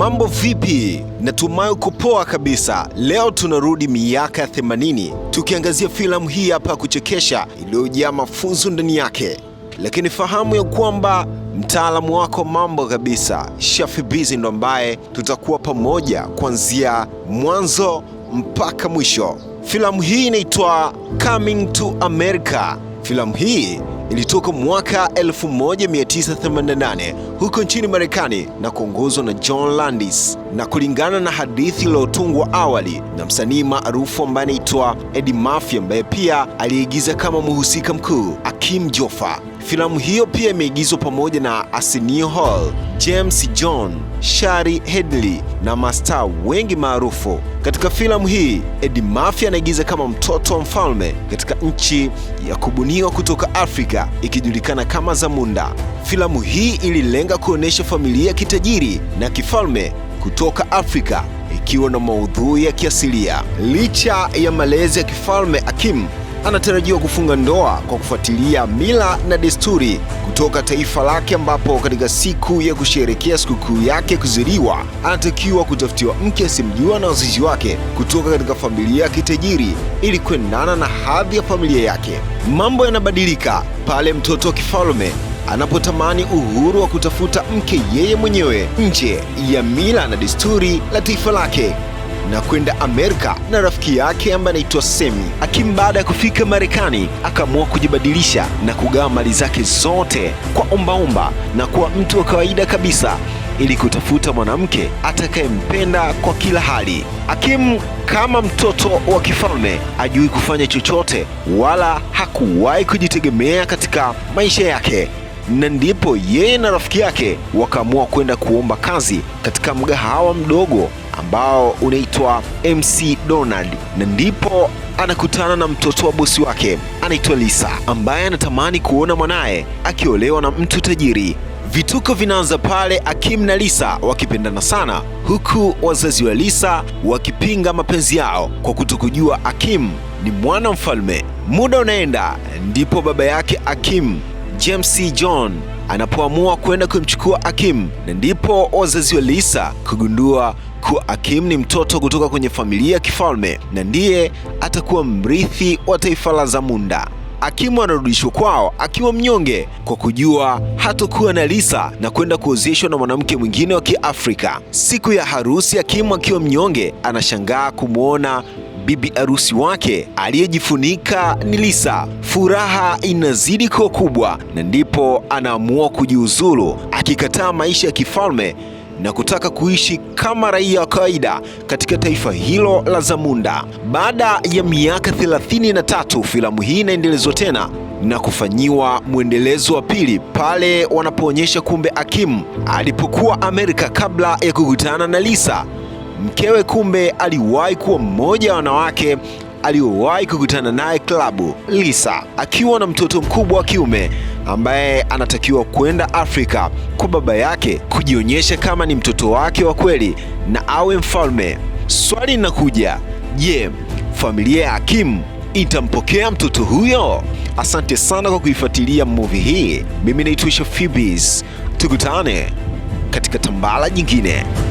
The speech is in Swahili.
Mambo vipi? Natumai uko poa kabisa. Leo tunarudi miaka 80 tukiangazia filamu hii hapa ya kuchekesha iliyojaa mafunzo ndani yake, lakini fahamu ya kwamba mtaalamu wako mambo kabisa Shafi Bizi ndo ambaye tutakuwa pamoja kuanzia mwanzo mpaka mwisho. Filamu hii inaitwa Coming to America. Filamu hii ilitoka mwaka 1988 huko nchini Marekani na kuongozwa na John Landis, na kulingana na hadithi iliyotungwa awali na msanii maarufu ambaye anaitwa Eddie Murphy ambaye pia aliigiza kama mhusika mkuu Akim Joffa. Filamu hiyo pia imeigizwa pamoja na Arsenio Hall, James John, Shari Headley na mastaa wengi maarufu. Katika filamu hii, Eddie Murphy anaigiza kama mtoto wa mfalme katika nchi ya kubuniwa kutoka Afrika ikijulikana kama Zamunda. Filamu hii ililenga kuonyesha familia ya kitajiri na kifalme kutoka Afrika ikiwa na maudhui ya kiasilia. Licha ya malezi ya kifalme, Akim anatarajiwa kufunga ndoa kwa kufuatilia mila na desturi kutoka taifa lake, ambapo katika siku ya kusherekea sikukuu yake kuzaliwa anatakiwa kutafutiwa mke asimjua na wazazi wake kutoka katika familia ya kitajiri ili kuendana na hadhi ya familia yake. Mambo yanabadilika pale mtoto wa kifalume anapotamani uhuru wa kutafuta mke yeye mwenyewe nje ya mila na desturi la taifa lake na kwenda Amerika na rafiki yake ambaye anaitwa Semi. Akim baada ya kufika Marekani akaamua kujibadilisha na kugawa mali zake zote kwa ombaomba na kuwa mtu wa kawaida kabisa ili kutafuta mwanamke atakayempenda kwa kila hali. Akim kama mtoto wa kifalme ajui kufanya chochote wala hakuwahi kujitegemea katika maisha yake, na ndipo yeye na rafiki yake wakaamua kwenda kuomba kazi katika mgahawa mdogo ambao unaitwa MC Donald, na ndipo anakutana na mtoto wa bosi wake anaitwa Lisa, ambaye anatamani kuona mwanaye akiolewa na mtu tajiri. Vituko vinaanza pale Akim na Lisa wakipendana sana, huku wazazi wa Lisa wakipinga mapenzi yao kwa kutokujua Akim ni mwana mfalme. Muda unaenda, ndipo baba yake Akim James C. John anapoamua kwenda kumchukua Akim, na ndipo wazazi wa Lisa kugundua kuwa Akim ni mtoto kutoka kwenye familia ya kifalme na ndiye atakuwa mrithi wa taifa la Zamunda. Akimu anarudishwa kwao akiwa mnyonge kwa kujua hatokuwa na Lisa na kwenda kuozeshwa na mwanamke mwingine wa Kiafrika. Siku ya harusi, Akimu akiwa mnyonge anashangaa kumwona bibi harusi wake aliyejifunika ni Lisa. Furaha inazidi kuwa kubwa na ndipo anaamua kujiuzulu, akikataa maisha ya kifalme na kutaka kuishi kama raia wa kawaida katika taifa hilo la Zamunda. Baada ya miaka 33 filamu hii inaendelezwa tena na kufanyiwa mwendelezo wa pili pale wanapoonyesha kumbe Akim alipokuwa Amerika kabla ya kukutana na Lisa mkewe. Kumbe aliwahi kuwa mmoja wa wanawake aliyowahi kukutana naye klabu Lisa, akiwa na mtoto mkubwa wa kiume ambaye anatakiwa kwenda Afrika kwa baba yake kujionyesha kama ni mtoto wake wa kweli na awe mfalme. Swali linakuja, je, familia ya Hakim itampokea mtoto huyo? Asante sana kwa kuifuatilia movie hii. Mimi naitwa Phoebis, tukutane katika tambala nyingine.